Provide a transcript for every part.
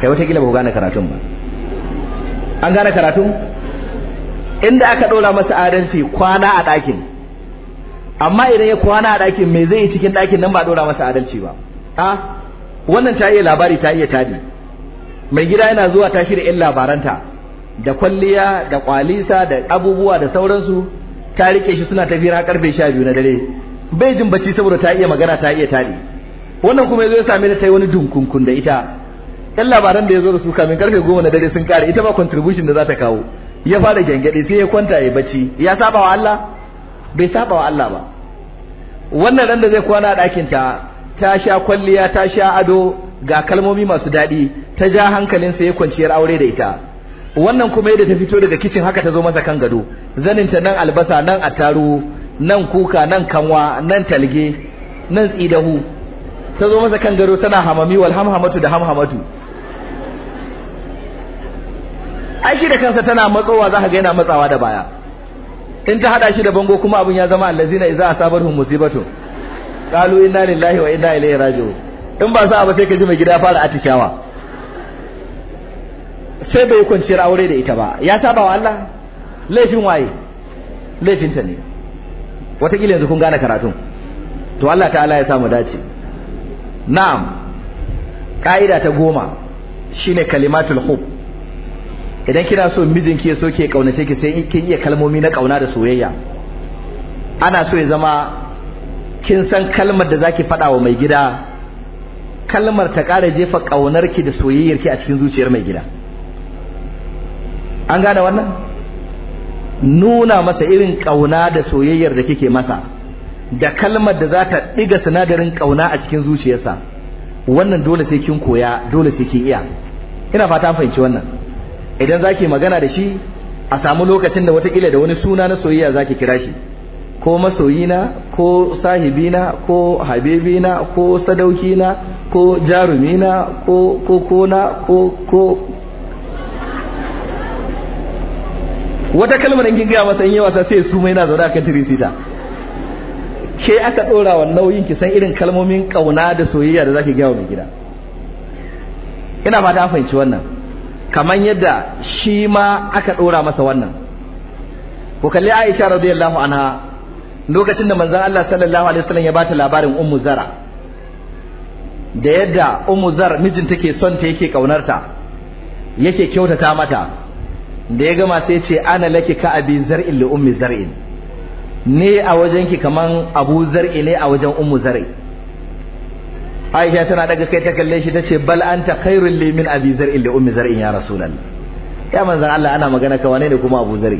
kai wata kila ba gane karatun ba an gane karatun inda aka dora masa adalci kwana a ɗakin amma idan ya kwana a ɗakin me zai yi cikin ɗakin nan ba dora masa adalci ba a wannan ta iya labari ta iya tadi mai gida yana zuwa ta shirya yan labaranta da kwalliya da kwalisa da abubuwa da sauransu ta rike shi suna tafiya a karfe 12 na dare bai jin bacci saboda ta iya magana ta iya tadi wannan kuma yazo ya same ta wani dunkunkun da ita yan labaran da ya zo da su kamin karfe goma na dare sun kare ita ba contribution da za ta kawo ya fara gyangyaɗe sai ya kwanta ya bacci ya saba wa Allah bai saba wa Allah ba wannan ran da zai kwana a ɗakin ta ta sha kwalliya ta sha ado ga kalmomi masu daɗi ta ja hankalin sa ya kwanciyar aure da ita wannan kuma yadda ta fito daga kicin haka ta zo masa kan gado zanin ta nan albasa nan attaru nan kuka nan kanwa nan talge nan tsidahu ta zo masa kan gado tana hamami wal hamhamatu da hamhamatu ai shi da kansa tana matsowa za ka ga yana matsawa da baya in ta hada shi da bango kuma abin ya zama allazina idza asabarhum musibatu qalu inna lillahi wa inna ilaihi raji'un in ba sa ba sai ka ji mai gida fara atishawa sai bai kwanciyar aure da ita ba ya saba wa Allah laifin waye laifin ta ne wataƙila yanzu kun gane karatun to Allah ta'ala ya samu dace na'am ka'ida ta goma shine kalimatul hub idan kina so mijinki ya so ke kaunace ki sai kin iya kalmomi na kauna da soyayya ana so ya zama kin san kalmar da zaki faɗa wa mai gida kalmar ta ƙara jefa ƙaunarki da soyayyarki a cikin zuciyar mai gida an gane wannan nuna masa irin kauna da soyayyar da kike masa da kalmar da za ta ɗiga sinadarin kauna a cikin zuciyarsa wannan dole sai kin koya dole sai kin iya ina fata fahimci wannan idan zaki magana da shi a samu lokacin da watakila da wani suna na soyayya zaki kira shi ko masoyina ko sahibina ko habibina ko sadaukina ko jarumina ko ko kona ko ko wata kalmar in kin gaya masa in yi wasa sai su mai na zaune akan tirisita ke aka ɗora wa nauyin ki san irin kalmomin ƙauna da soyayya da zaki gaya mai gida ina fata fahimci wannan kamar yadda shi ma aka ɗora masa wannan ku kalli Aisha radiyallahu anha lokacin da manzon Allah sallallahu alaihi wasallam ya bata labarin Ummu Zara da yadda Ummu Zar mijin take son ta yake kaunarta yake kyautata mata da ya gama sai ce ana laki ka abi zar'in li ummi zar'in ne a wajenki kaman abu zar'i ne a wajen ummu zar'i Aisha tana daga kai ta kalle shi tace bal anta khairul li min abi zar'i li ummi zar'i ya rasulullah ya manzon Allah ana magana ka wane ne kuma abu zar'i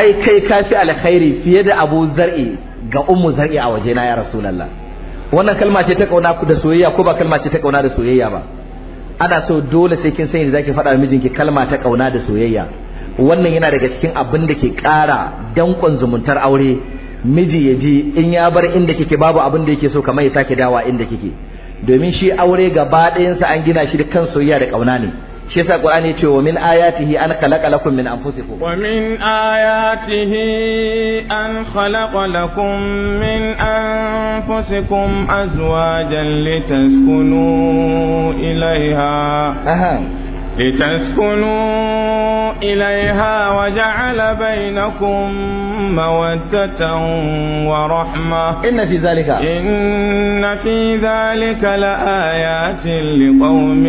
ai kai ka fi alkhairi fiye da abu zar'i ga ummu zar'i a waje na ya rasulullah wannan kalma ce ta kauna da soyayya ko ba kalma ce ta kauna da soyayya ba ana so dole sai kin sani da zaki faɗa mijinki kalma ta kauna da soyayya wannan yana daga cikin abin da ke ƙara dankon zumuntar aure miji ya ji in ya bar inda kike babu abin da yake so kamar ya sake dawa inda kike domin shi aure gaba ɗayansa an gina shi da kan soyayya da ƙauna ne shi yasa qur'ani ce wa min ayatihi an khalaqa lakum min anfusikum wa min ayatihi an khalaqa lakum min anfusikum azwajan litaskunu ilaiha لتسكنوا إليها وجعل بينكم مودة ورحمة إن في ذلك إن في ذلك لآيات لقوم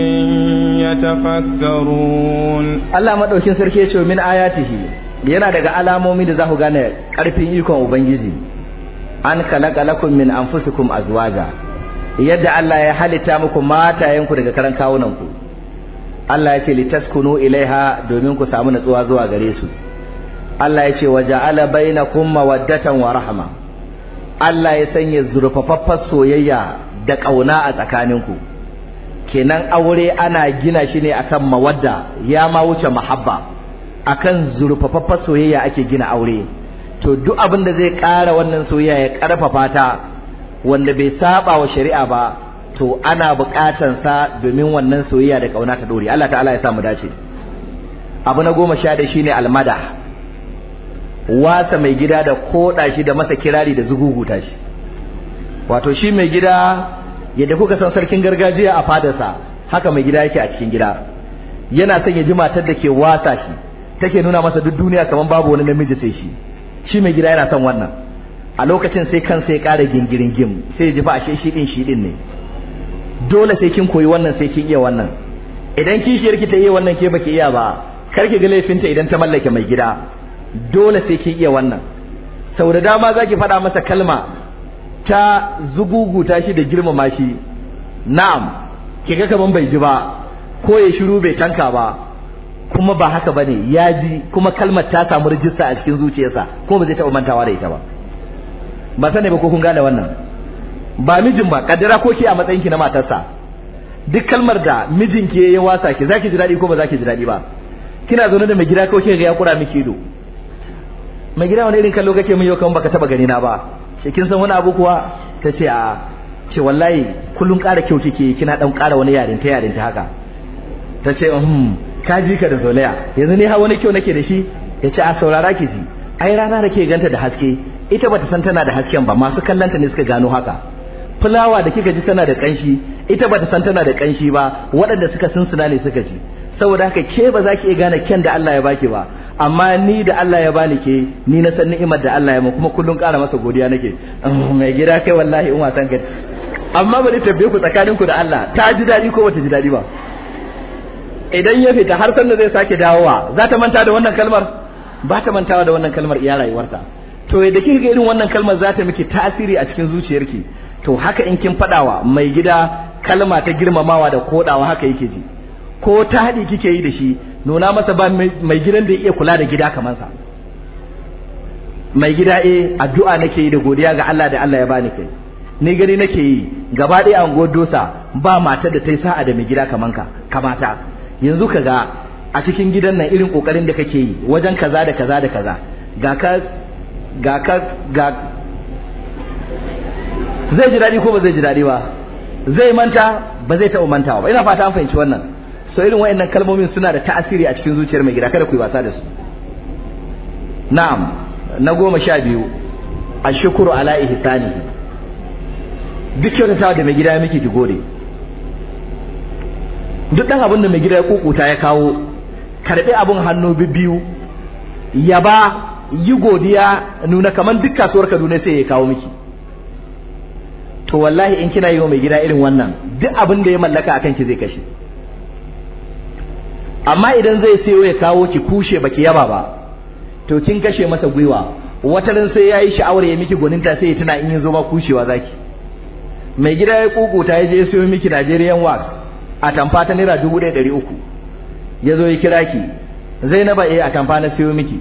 يتفكرون الله ما دوكين سركي من آياته yana daga alamomi da za ku gane ƙarfin ikon ubangiji an kalaka lakum min anfusikum azwaja yadda Allah ya halitta muku matayenku daga karan kawunanku Allah ya ce litaskunu ilaiha domin ku samu natsuwa zuwa gare su Allah ya ce waja'ala bainakum mawaddatan wa rahma Allah ya sanya zurfafaffar soyayya da kauna a tsakaninku kenan aure ana gina shi ne akan mawadda ya ma wuce mahabba akan zurfafaffar soyayya ake gina aure to duk abin da zai ƙara wannan soyayya ya ƙarfafa ta wanda bai saba wa shari'a ba to ana buƙatar sa domin wannan soyayya da kauna ta dore Allah ta'ala ya samu dace abu na goma sha da shine almada wasa mai gida da koda shi da masa kirari da ta shi wato shi mai gida yadda kuka san sarkin gargajiya a fadarsa haka mai gida yake a cikin gida yana son ya ji matar da ke wasa shi take nuna masa duk duniya kamar babu wani namiji sai shi shi mai gida yana son wannan a lokacin sai kansa ya ƙara gingirin gim sai ya ji fa ashe shi din shi din ne dole sai kin koyi wannan sai kin iya wannan idan kishiyar ki ta iya wannan ke baki iya ba kar ki ga laifinta idan ta mallake mai gida dole sai kin iya wannan sau da dama ki faɗa masa kalma ta ta shi da girmama shi na'am ga kaman bai ji ba ko ya shiru bai tanka ba kuma ba haka bane ya ji kuma kalmar ta samu rijista a cikin zuciyarsa ko ba zai taɓa mantawa da ita ba ba sani ba ko kun gane wannan ba mijin ba kaddara ko ke a matsayin ki na matarsa duk kalmar da mijin ki ya wasa ki zaki ji dadi ko ba zaki ji dadi ba kina zaune da mai gida ko ke ga ya kura miki ido mai gida wani irin kallo kake mun yau kan baka taba gani na ba ce kin san wani abu kuwa tace a ce wallahi kullun ƙara kyau kike kina dan ƙara wani yarin ta yarin ta haka tace um ka ji ka da zolaya yanzu ne ha wani kyau nake da shi ya ce a saurara ki ji ai rana da ke ganta da haske ita bata san tana da hasken ba masu kallanta ne suka gano haka fulawa da kika ji tana da kanshi ita bata san tana da kanshi ba waɗanda suka sunsuna ne suka ji saboda haka ke ba za ki iya gane kyan da Allah ya baki ba amma ni da Allah ya bani ke ni na san ni'imar da Allah ya mu kuma kullun ƙara masa godiya nake ah, mai gida kai wallahi in wasan ka amma bari tabbe ku tsakanin ku da Allah ta ji dadi ko bata ji dadi ba idan ya fita har sanda zai sake dawowa za ta manta da wannan kalmar ba ta mantawa da wannan kalmar iya rayuwarta to da kika ga irin wannan kalmar za ta miki tasiri a cikin zuciyarki to haka in kin fadawa mai gida kalma ta girmamawa da kodawa haka yake ji ko ta hadi kike yi da shi nuna masa ba mai gidan da iya kula da gida kamar sa mai gida eh addu'a nake yi da godiya ga Allah da Allah ya bani kai ni gari nake yi gaba ɗaya an dosa ba matar da ta yi sa'a da mai gida kamar ka kamata yanzu kaga a cikin gidan nan irin kokarin da kake yi wajen kaza da kaza da kaza ga ka ga ka ga zai ji daɗi ko ba zai ji daɗi ba zai manta ba zai taɓa mantawa ba ina fata an fahimci wannan so irin wa'annan kalmomin suna da ta'asiri a cikin zuciyar mai gida kada ku yi wasa da su na'am na goma sha biyu a shukuru ala ihsani duk kyautatawa da mai gida ya miki ki gode duk dan abin da mai gida ya kukuta ya kawo karɓi abin hannu biyu yaba yi godiya nuna kaman duk kasuwar Kaduna sai ya kawo miki to wallahi in kina yi wa mai gida irin wannan duk abin da ya mallaka akan ki zai kashe amma idan zai sayo ya kawo ki kushe baki yaba ba to kin kashe masa gwiwa wata ran sai yayi sha'awar ya miki ta sai ya tuna in yanzu ba kushewa zaki mai gida ya kukuta ya je ya sayo miki Nigerian wax a tamfa ta naira 1300 yazo ya kira ki Zainaba eh a tamfa na sayo miki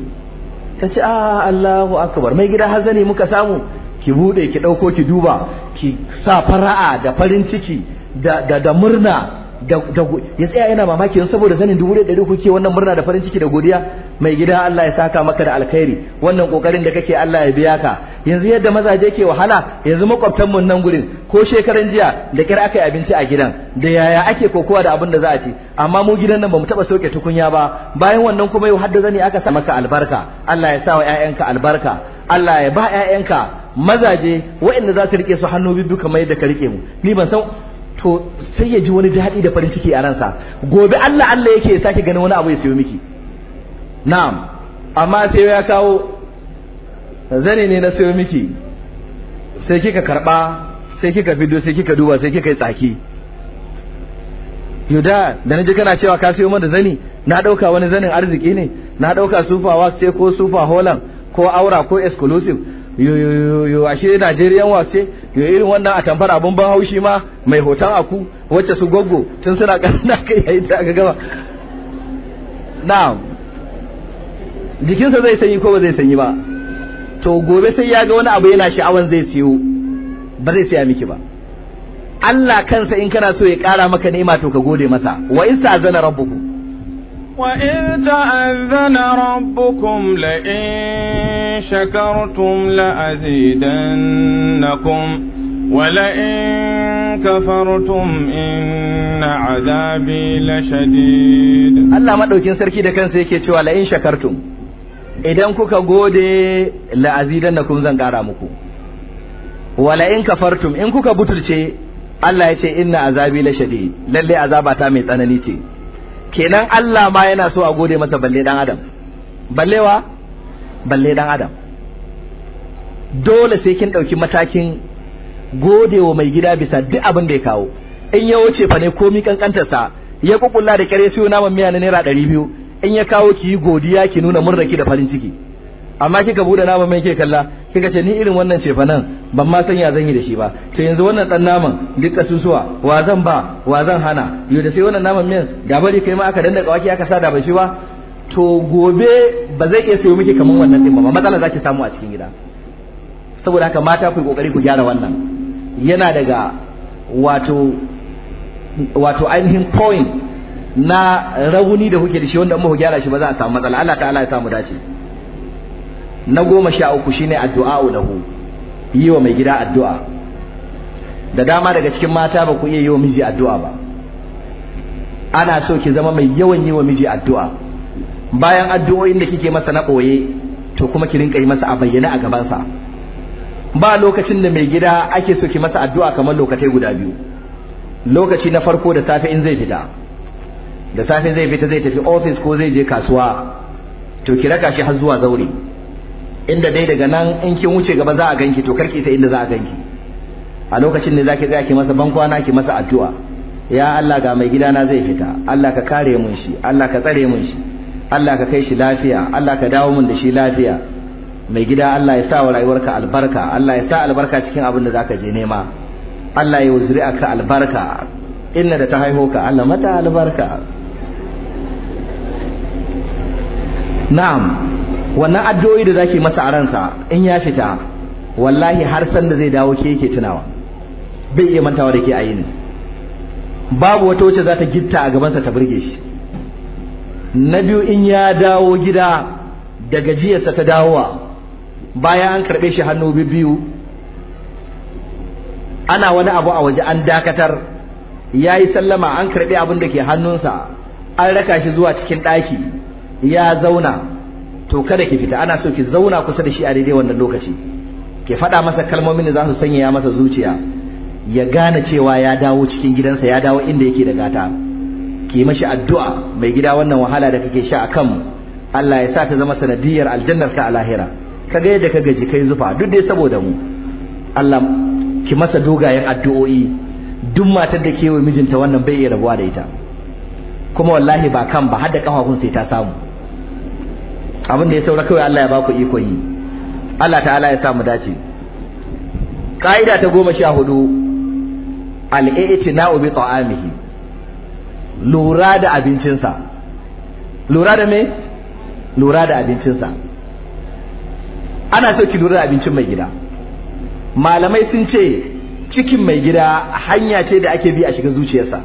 ta ce a ah, Allahu akbar mai gida har zani muka samu ki bude ki dauko ki duba ki sa fara'a da farin ciki da da, da murna da, da ya tsaya yana mamaki saboda zanin dubu ɗaya kuke wannan murna da farin ciki da godiya mai gida Allah ya saka maka da alkhairi wannan kokarin da kake Allah ya biya ka yanzu yadda mazaje ke wahala yanzu makwabtan mu nan gurin ko shekaran jiya da kyar aka yi abinci a gidan da yaya ake kokowa da abin da za a ci amma mu gidan nan bamu taba soke tukunya ba bayan wannan kuma yau hadda zani aka sa maka albarka Allah ya sa wa ƴaƴanka albarka Allah ya ba ƴaƴanka mazaje waɗanda za su rike su hannu bibbi kamar yadda ka rike mu ni ban san to sai ya ji wani daɗi da farin ciki a ransa gobe Allah Allah yake ya sake ganin wani abu ya siyo miki na'am amma sai ya kawo zane ne na sayo miki sai kika karba sai kika fido sai kika duba sai kika yi tsaki yuda da naji kana cewa ka siyo da zani na dauka wani zanin arziki ne na dauka sufa waste ko sufa holland ko aura ko exclusive yo ashe Najeriyan sai yo irin wannan a tamfar abun ban haushi ma mai hoton aku wacce su goggo tun suna kanana kai yayin da daga gama na'am jikinsa zai sanyi ko ba zai sanyi ba to gobe sai ya ga wani abu yana sha'awan zai siyo ba zai saya miki ba Allah kansa in kana so ya ƙara maka ni'ima to ka gode masa wa in sa'azana rabbukum wa in ta'azana rabbukum la in shakartum la azidannakum kafartum كفرتم azabi la shadid Allah madaukin sarki da kansa yake cewa la in shakartum idan kuka gode la'azidannakum zan kara muku wala in kafartum in kuka butulce Allah ya ce inna azabi la shadi lalle azabata mai tsanani ce kenan Allah ma yana so a gode masa balle dan adam ballewa balle dan adam dole sai kin dauki matakin godewa mai gida bisa duk abin da ya kawo in ya wuce fa ne komi kankantarsa ya kukulla da kare siyo naman miya na naira ɗari biyu in ya kawo ki yi godiya ki nuna murna ki da farin ciki amma kika bude naman mai ke kalla kika ce ni irin wannan cefa nan ban ma san ya zan yi da shi ba to yanzu wannan dan naman duk kasusuwa wa zan ba wa zan hana yau da sai wannan naman min da bari kai ma aka danda kawaki aka sada ba shi ba to gobe ba zai iya sayo miki kaman wannan din ba matsala zaki samu a cikin gida saboda haka mata ku kokari ku gyara wannan yana daga wato wato ainihin point na rauni da kuke da shi wanda in gyara shi ba za a samu matsala Allah ta'ala ya samu dace na goma sha uku shine addu'a lahu yi wa mai gida addu'a da dama daga cikin mata ba ku iya yi wa miji addu'a ba ana so ki zama mai yawan yi wa miji addu'a bayan addu'o'in da kike masa na ɓoye to kuma ki rinka yi masa a bayyana a gabansa ba lokacin da mai gida ake so ki masa addu'a kamar lokatai guda biyu lokaci na farko da safe in zai fita da safe zai fita zai tafi ofis ko zai je kasuwa to ki raka shi har zuwa zaure inda dai daga nan in kin wuce gaba za a ganki to karki ta inda za a ganki a lokacin ne zaki tsaya ki masa bankwana ki masa addu'a ya Allah ga mai gidana zai fita Allah ka kare mun shi Allah ka tsare mun shi Allah ka kai shi lafiya Allah ka dawo mun da shi lafiya mai gida Allah ya sa wa rayuwarka albarka Allah ya sa albarka cikin abin da zaka je nema Allah ya wuzuri aka albarka inna da ta haihu Allah mata albarka na'am wannan addu'o'i da zake masa a ransa in ya fita wallahi har san da zai dawo ke yake tunawa bai iya mantawa da ke a yini babu wata wacce za ta gitta a gabansa ta burge shi na biyu in ya dawo gida da gajiyarsa ta dawowa bayan an karɓe shi hannu biyu ana wani abu a waje an dakatar ya yi sallama an karɓi abin da ke hannunsa an raka shi zuwa cikin ɗaki ya zauna to kada ki fita ana so ki zauna kusa da shi a daidai wannan lokaci ki faɗa masa kalmomin da za su sanyaya masa zuciya ya gane cewa ya dawo cikin gidansa ya dawo inda yake da gata ki mashi addu'a mai gida wannan wahala da kake sha akan Allah ya sa ta zama sanadiyar aljannar ka a lahira kaga yadda ka gaji kai zufa duk dai saboda mu Allah ki masa dogayen addu'o'i duk matar da ke wa mijinta wannan bai iya rabuwa da ita kuma wallahi ba kan ba har da kafafun sai ta samu abin da ya saura kawai Allah ya baku iko yi Allah ta'ala ya samu dace ka'ida ta goma sha hudu al'aiti na ubi ta'amihi lura da abincinsa lura da me lura da abincinsa ana so ki lura da abincin mai gida malamai sun ce cikin mai gida hanya ce da ake bi a shiga zuciyarsa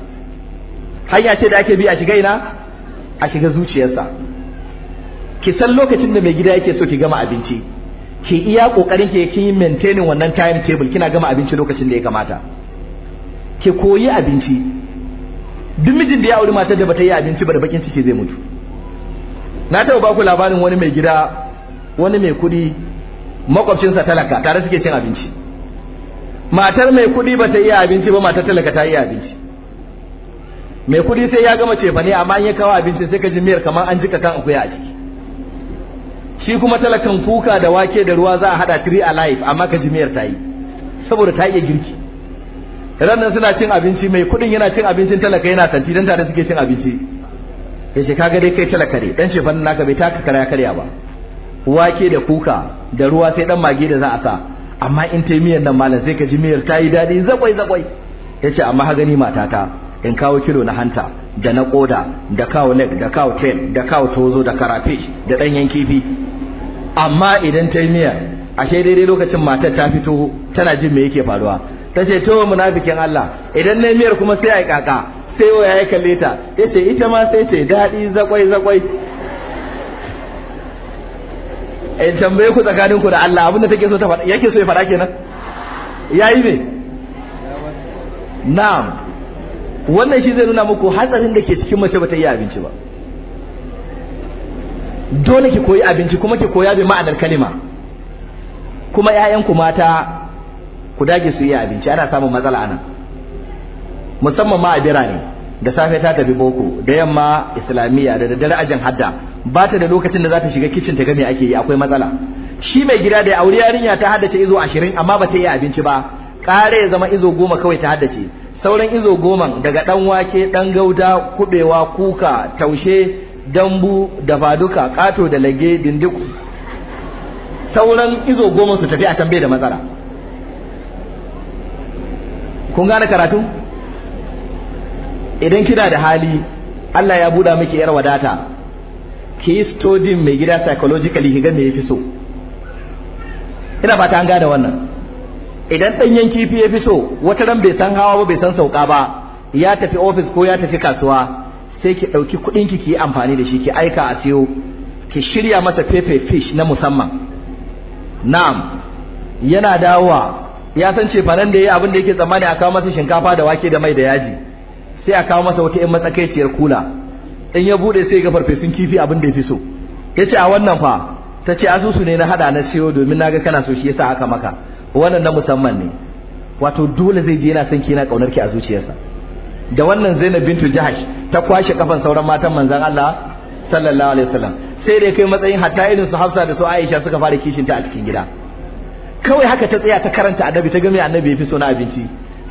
hanya ce da ake bi a shiga ina a shiga zuciyarsa ki san lokacin da mai gida yake so ki gama abinci ki iya kokarin ki ki maintaining wannan time table kina gama abinci lokacin da ya kamata ki koyi abinci duk mijin da ya auri matar da bata yi abinci ba da bakin ciki zai mutu na taɓa ba ku labarin wani mai gida wani mai kuɗi makwabcinsa talaka tare suke cin abinci matar mai kuɗi bata yi abinci ba matar talaka ta yi abinci mai kuɗi sai ya gama cefane amma in ya kawo abinci sai ka ji miyar kamar an jika kan akuya a ciki shi kuma talakan kuka da wake da ruwa za a hada three alive amma ka jimiyar ta yi saboda ta iya girki ranar suna cin abinci mai kudin yana cin abincin talaka yana tanti dan tare suke cin abinci ya ce kaga dai kai talaka ne dan shefan naka bai taka karya karya ba wake da kuka da ruwa sai dan mage da za a sa amma in ta miyan nan malam sai ka ji miyar ta yi daɗi zakwai zakwai yace ce amma ha gani matata in kawo kilo na hanta da na koda da kawo leg da kawo tail da kawo tozo da karafish da yan kifi amma idan ta yi miya ashe daidai lokacin matar ta fito tana jin me yake faruwa ta ce to munafikin Allah idan na miyar kuma sai ai kaka sai waya ya kalle ta yace ita ma sai ta daɗi zakwai zakwai in tambaye ku tsakanin ku da Allah abinda take so ta faɗa yake so ya faɗa kenan yayi me na'am wannan shi zai nuna muku hatsarin da ke cikin mace ba ta iya abinci ba dole ki koyi abinci kuma ki koya bi ma'anar kalima kuma ƴaƴanku mata ku dage su yi abinci ana samun matsala anan musamman ma a birane da safe ta tafi boko da yamma islamiyya da daddare ajin hadda ba ta da lokacin da za ta shiga kicin ta ga me ake yi akwai matsala shi mai gida da aure yarinya ta haddace izo 20 amma ba ta iya abinci ba kare ya zama izo goma kawai ta haddace sauran izo goman daga dan wake dan gauda kubewa kuka taushe dambu da faduka kato da lage dindiku sauran izo goma su tafi a tambe da matsara kun gane karatu idan kina da hali Allah ya buɗa miki yar wadata ki yi studying mai gida psychologically ki ga me yafi so ina fata an gane wannan idan ɗanyen kifi ya fi so wata ran bai san hawa ba bai san sauka ba ya tafi ofis ko ya tafi kasuwa sai ki ɗauki kuɗin ki ki amfani da shi ki aika a siyo ki shirya masa pepe fish na musamman na'am yana dawowa ya san ce fa nan da yayi abin da yake tsammani a kawo masa shinkafa da wake da mai da yaji sai a kawo masa wata ƴan matsakaiciyar kula in ya bude sai ga farfesun kifi abin da yafi so yace a wannan fa tace asusu ne na hada na siyo domin naga kana so shi yasa aka maka wannan na musamman ne wato dole zai je yana son ki yana kaunar ki a zuciyarsa da wannan Zainab bintu Jahash ta kwashe kafan sauran matan manzon Allah sallallahu alaihi wasallam sai dai kai matsayin hatta irin su Hafsa da su Aisha suka fara kishin ta a cikin gida kawai haka ta tsaya ta karanta annabi ta ga me annabi yafi so na abinci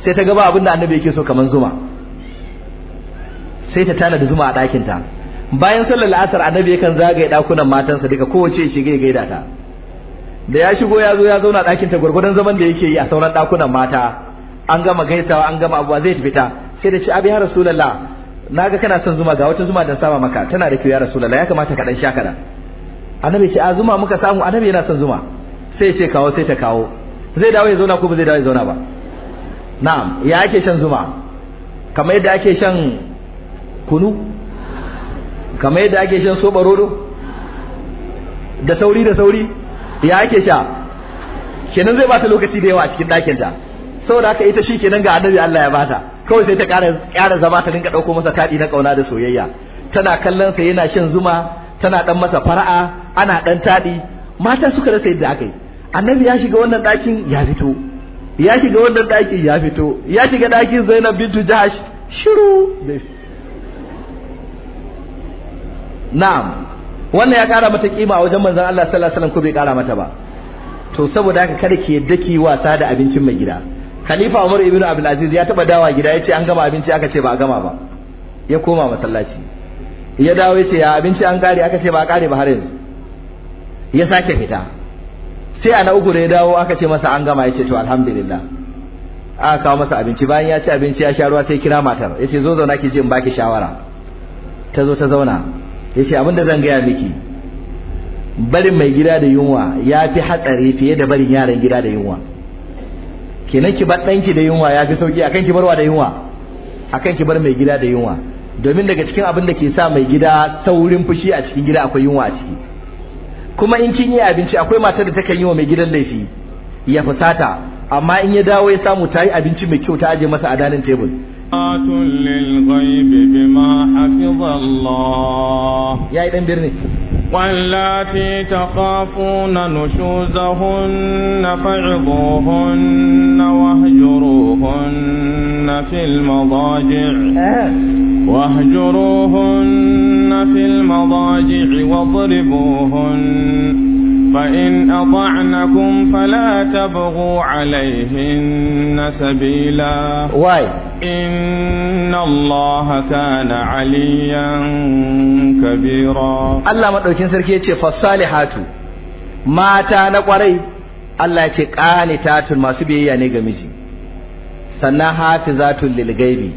sai ta ga ba abin da annabi yake so kaman zuma sai ta tana da zuma a ɗakin ta bayan sallar la'asar annabi yakan zagaye ɗakunan matansa duka kowace shi ga gaida ta da ya shigo ya zo ya zauna ɗakin ta gurgurdan zaman da yake yi a sauran ɗakunan mata an gama gaisawa an gama abuwa zai fita sai da ce abi ya rasulullah naga kana son zuma ga wata zuma dan sama maka tana da kyau ya rasulullah ya kamata ka dan sha kada annabi ce a zuma muka samu annabi yana son zuma sai ya ce kawo sai ta kawo zai dawo ya zauna ko ba zai dawo ya zauna ba na'am ya ake shan zuma kamar yadda ake shan kunu kamar yadda ake shan soba rodo da sauri da sauri ya ake sha kenan zai ba ta lokaci da yawa a cikin ɗakinta saboda haka ita shi kenan ga annabi Allah ya bata kawai sai ta ƙara zama ta dinga ɗauko masa taɗi na ƙauna da soyayya tana kallon sa yana shan zuma tana ɗan masa fara'a ana ɗan taɗi mata suka rasa yadda aka yi annabi ya shiga wannan ɗakin ya fito ya shiga wannan ɗakin ya fito ya shiga ɗakin zainab bintu jahash shiru na'am wannan ya ƙara mata kima a wajen manzon Allah sallallahu alaihi wasallam ko bai ƙara mata ba to saboda haka kada ki yadda ki wasa da abincin mai gida khalifa umar ibn abdul aziz ya taba dawa gida yace an gama abinci aka ce ba a gama ba ya koma masallaci ya dawo yace ya abinci an kare aka ce ba a kare ba har yanzu ya sake fita sai ana uku da ya dawo aka ce masa an gama yace to alhamdulillah aka kawo masa abinci bayan ya ci abinci ya sha ruwa sai kira matar yace zo zauna ki je in baki shawara ta zo ta zauna yace abin da zan gaya miki barin mai gida da yunwa ya fi hatsari fiye da barin yaran gida da yunwa kenan ki bar danki da yunwa ya fi sauki akan ki barwa da yunwa akan ki bar mai gida da yunwa domin daga cikin abin da ke sa mai gida saurin fushi a cikin gida akwai yunwa a ciki kuma in kin yi abinci akwai matar da takan yi wa mai gidan laifi ya fusata amma in ya dawo ya samu ta yi abinci mai kyau ta aje masa a danin tebul ya yi dan birni واللاتي تخافون نشوزهن فعظوهن واهجروهن في المضاجع واهجروهن في المضاجع واضربوهن فإن أطعنكم فلا تبغوا عليهن سبيلا واي إن الله كان عليا allah الله sarki yace fasalihatu mata na kwarai الله يتي قانتات masu biyayya ne ga miji sannan hafizatul lil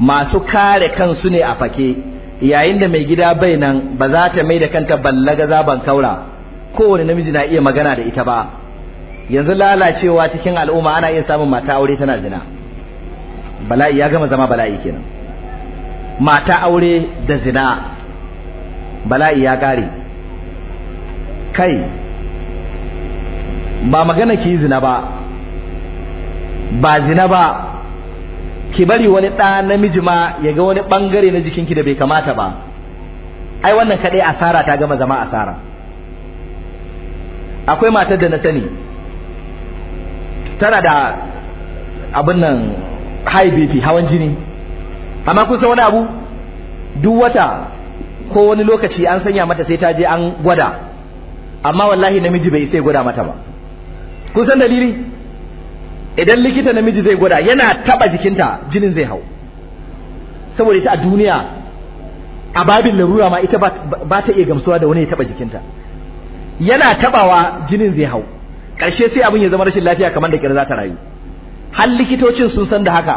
masu kare kansu ne a fake yayin da mai gida bai nan ba za ta mai da kanta ballaga zaban kaura kowane namiji na iya magana da ita ba yanzu lalacewa cikin al'umma ana iya samun mata aure tana zina bala'i ya gama zama bala'i kenan mata aure da zina bala'i ya kare kai ba magana ki zina ba ba zina ba ki bari wani ɗa namiji ma ya ga wani ɓangare na jikinki da bai kamata ba ai wannan kaɗai asara ta gama zama asara akwai matar da na sani tana da abin nan high BP hawan jini amma kun san wani abu duk wata ko wani lokaci an sanya mata sai ta je an gwada amma wallahi namiji bai sai gwada mata ba kun san dalili idan likita namiji zai gwada yana taba jikinta jinin zai hau saboda ita a duniya a babin larura ma ita ba ta iya gamsuwa da wani ya taba jikinta yana tabawa jinin zai hau ƙarshe sai abin ya zama rashin lafiya kamar da za ta rayu har likitocin sun san da haka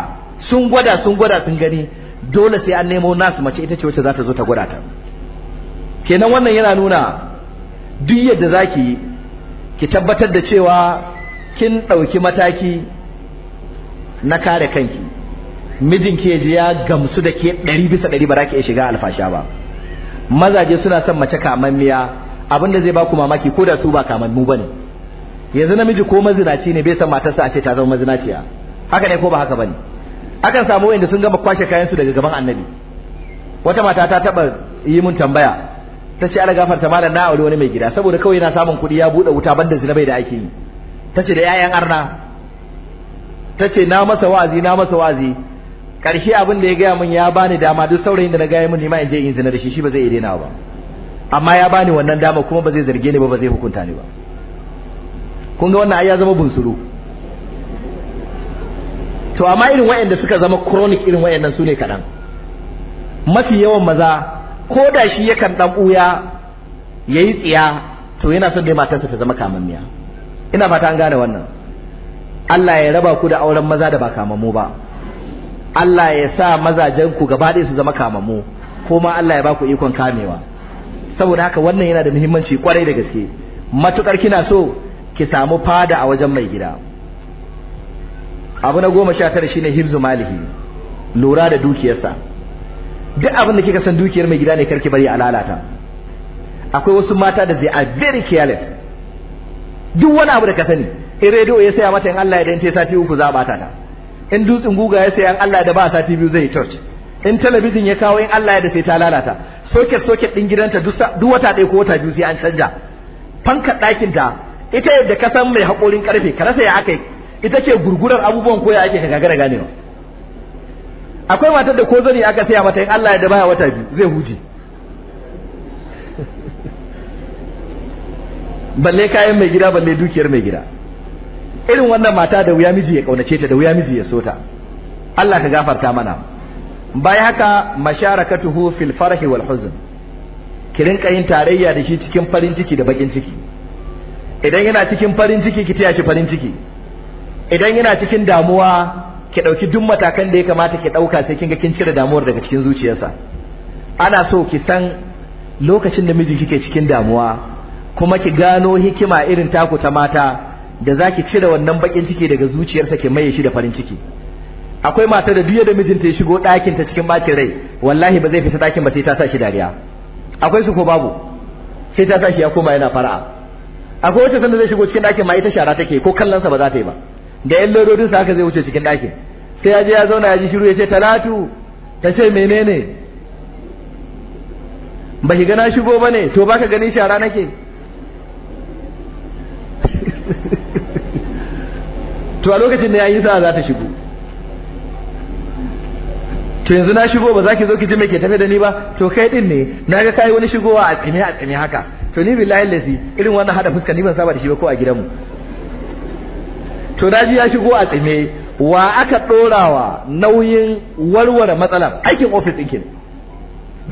sun gwada sun gwada sun gani dole sai an nemo nasu mace ita ce wacce za ta zo ta gwada ta kenan wannan yana nuna duk yadda za ki yi ki tabbatar da cewa kin ɗauki mataki na kare kanki mijin ke ji ya gamsu da ke ɗari bisa ɗari ba za ki iya shiga alfasha ba mazaje suna son mace kamammiya abinda zai ba ku mamaki ko da su ba kamammu ba ne yanzu namiji ko mazinaci ne bai san matarsa a ce ta zama mazinaciya haka ne ko ba haka ba ne akan samu wayanda sun gama kwashe kayansu daga gaban annabi wata mata ta taɓa yi mun tambaya tace ala gafarta malam na aure wani mai gida saboda kawai yana samun kuɗi ya bude wuta banda zina bai da ake yi tace da yayan arna tace na masa wa'azi na masa wa'azi karshe abin da ya gaya min ya bani dama duk saurayin da na gaya min ma in je in zina da shi shi ba zai daina ba amma ya bani wannan dama kuma ba zai zarge ni ba ba zai hukunta ni ba kun ga wannan ai ya zama bunsuru to amma irin da suka zama chronic irin waɗannan su ne kaɗan mafi yawan maza ko da shi yakan dan buya yayi tsiya to yana son dai matarsa ta zama kamammiya ina fata an gane wannan Allah ya raba ku da auren maza da ba kamammu ba Allah ya sa mazajen ku gaba ɗaya su zama kamammu kuma Allah ya baku ikon kamewa saboda haka wannan yana da muhimmanci kwarai da gaske matukar kina so ki samu fada a wajen mai gida abu na goma sha tara shine hirzu malihi lura da dukiyarsa duk abin da kika san dukiyar mai gida ne karki bari a lalata akwai wasu mata da they are very careless duk wani abu da ka sani in rediyo ya saya mata in Allah ya dace in sati uku za a bata ta in dutsen guga ya saya in Allah ya da ba sati biyu zai church in talabijin ya kawo in Allah ya da sai ta lalata socket socket din gidanta duk wata ɗaya ko wata biyu sai an canja fankar ɗakin ta ita yadda ka san mai haƙorin karfe ka rasa ya aka ita ce gurgurar abubuwan koya ake ka gagara ganewa akwai matar da ko zani aka saya mata in Allah ya da baya wata biyu zai huje balle kayan mai gida balle dukiyar mai gida irin wannan mata da wuya miji ya kaunace ta da wuya miji ya sota. Allah ka gafarta mana bayan haka masharakatuhu fil farhi wal huzn ki rinka yin tarayya da shi cikin farin ciki da bakin ciki idan yana cikin farin ciki ki taya shi farin ciki idan yana cikin damuwa ki dauki duk matakan da ya kamata ki dauka sai kin ga kin cire damuwar daga cikin zuciyarsa ana so ki san lokacin da miji kike cikin damuwa kuma ki gano hikima irin taku ta mata da zaki cire wannan bakin ciki daga zuciyarsa ki maye shi da farin ciki akwai matar da duye da mijinta ya shigo ɗakin ta cikin bakin rai wallahi ba zai fita ɗakin ba sai ta sa shi dariya akwai su ko babu sai ta sa shi ya koma yana fara'a akwai wata sanda zai shigo cikin ɗakin ma ita shara take ko kallonsa ba za ta yi ba da yan lododin sa aka zai wuce cikin ɗakin sai ya je ya zauna ya ji shiru ya ce talatu ta ce menene ba ki gana shigo ba ne to baka gani shara nake to a lokacin da ya yi sa za ta shigo to yanzu na shigo ba za ki zo ki ji me ke tafe da ni ba to kai din ne na ga kai wani shigowa a tsini a tsini haka to ni billahi lazi irin wannan hada fuska ni ban saba da shi ba ko a gidanmu to naji ya shigo a tsime wa aka dorawa nauyin warware matsalar aikin office ɗinki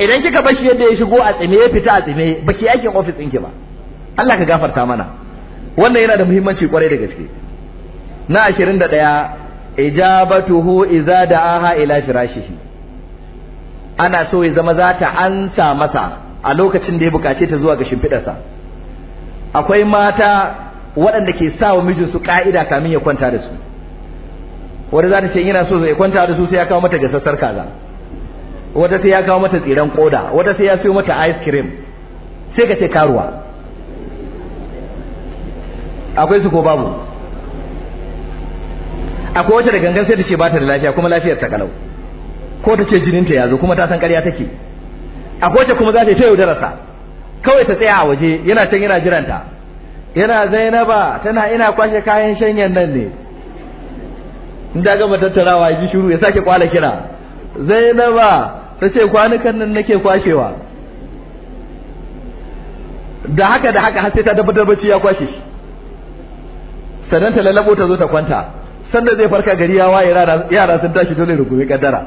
idan kika bashi yadda ya shigo a tsime ya fita a tsime baki aikin office ɗinki ba Allah ka gafarta mana wannan yana da muhimmanci kwarai da gaske na 21 ijabatuhu idza da'aha ila firashihi ana so ya zama zata ta ansa masa a lokacin da ya bukace ta zuwa ga shimfidarsa akwai mata waɗanda ke sa wa mijinsu ka'ida kamin ya kwanta da su wanda za ta ce yana so ya kwanta da su sai ya kawo mata gasassar kaza wata sai ya kawo mata tsiran koda wata sai ya siyo mata ice cream sai ka ce karuwa akwai su ko babu akwai wata da gangan sai ta ce ba ta da lafiya kuma lafiyar ta kalau ko ta ce jininta ya zo kuma ta san ƙarya take akwai wata kuma za ta yi ta yaudararsa kawai ta tsaya a waje yana can yana jiranta yana zainaba tana ina kwashe kayan shanyen nan ne in da gama tattarawa ji shiru ya sake kwala kira zainaba ta ce kwanukan nan nake kwashewa da haka da haka har sai ta tabbatar bacci ya kwashe shi sannan ta lalabo ta zo ta kwanta sanda zai farka gari ya waye yara sun tashi dole gobe kaddara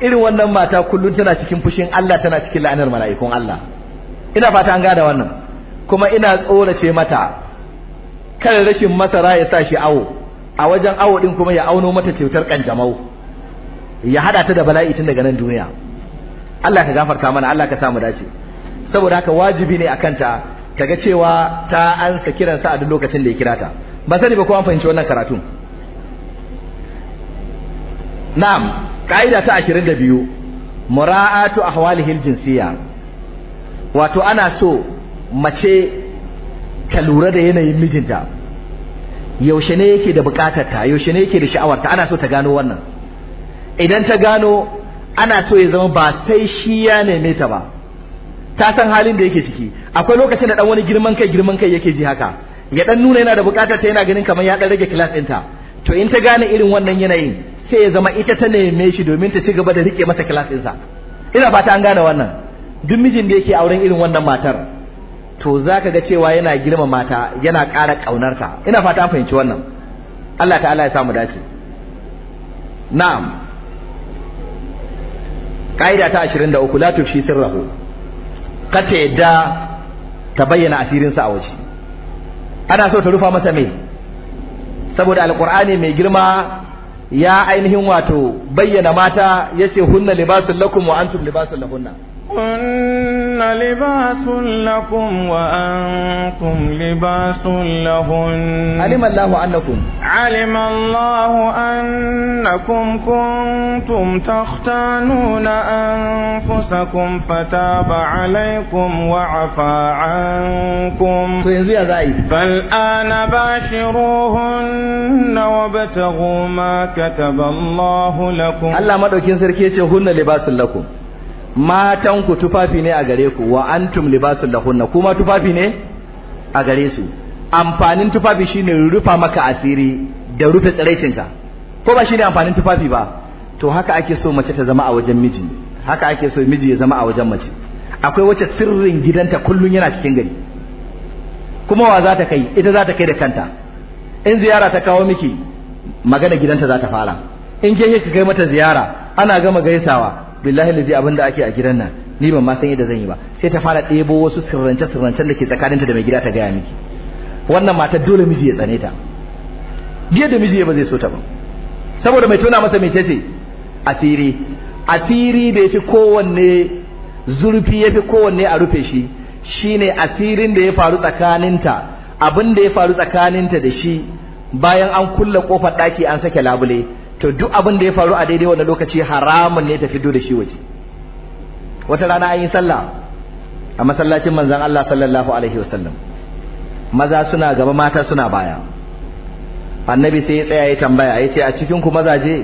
irin wannan mata kullum tana cikin fushin Allah tana cikin la'anar mala'ikun Allah ina fata an gada wannan kuma ina tsorace mata kan rashin masara ya sa shi awo a wajen awo din kuma ya auno mata cutar kanjamau ya hada ta da bala'i tun daga nan duniya Allah ka gafarta mana Allah ka sa mu dace saboda haka wajibi ne akan ta kaga cewa ta kiran sa a duk lokacin da ya kira ta ba sani ba ko an fahimci wannan karatun na'am ka'ida ta 22 mura'atu ahwalihil jinsiya wato ana so mace ta lura da yanayin mijinta yaushe ne yake da ta yaushe ne yake da sha'awar ta ana so ta gano wannan idan ta gano ana so ya zama ba sai shi ya neme ta ba ta san halin da yake ciki akwai lokacin da dan wani girman kai girman kai yake ji haka ya dan nuna yana da bukatar ta yana ganin kamar ya dan rage class ɗinta to in ta gane irin wannan yanayin sai ya zama ita ta neme shi domin ta ci gaba da rike masa class ɗinsa ina fata an gane wannan duk mijin da yake auren irin wannan matar to zaka ga cewa yana girma mata yana ƙara ƙaunarta ina fata an fahimci wannan Allah ta'ala ya samu dace na'am Ka'ida ta 23 la tufshi sirrahu kace da ta bayyana asirin sa a waje ana so ta rufa masa mai saboda alqur'ani mai girma ya ainihin wato bayyana mata yace hunna libasul lakum wa antum libasul lahunna هن لباس لكم وأنتم لباس لهن علم الله أنكم علم الله أنكم كنتم تختانون أنفسكم فتاب عليكم وعفى عنكم فالآن باشروهن وابتغوا ما كتب الله لكم الله ما دوكين سركيتي هن لباس لكم matan ku tufafi ne a gare ku wa antum libasul lahunna kuma tufafi ne a gare su amfanin tufafi shine rufa maka asiri da rufe tsiraicinka ko ba shine amfanin tufafi ba to haka ake so mace ta zama a wajen miji haka ake so miji ya zama a wajen mace akwai wacce sirrin gidanta kullun yana cikin gari kuma wa za ta kai ita za ta kai da kanta in ziyara ta kawo miki magana gidanta za ta fara in ke ki kai mata ziyara ana gama gaisawa billahi lazi abinda ake a gidan nan ni ban ma san yadda zan yi ba sai ta fara ɗebo wasu sirrance sirrancen da ke tsakaninta da mai gida ta gaya miki wannan matar dole miji ya tsane ta jiya da miji ba zai so ta ba saboda mai tona masa mai tace asiri asiri da yafi kowanne zurfi yafi kowanne a rufe shi shine asirin da ya faru tsakaninta abin da ya faru tsakaninta da shi bayan an kulle kofar daki an sake labule to duk abin da ya faru a daidai wannan lokaci haramun ne ta fito da shi waje wata rana an yi sallah a masallacin manzon Allah sallallahu alaihi wasallam maza suna gaba mata suna baya annabi sai ya tsaya ya tambaya ya ce a cikin ku mazaje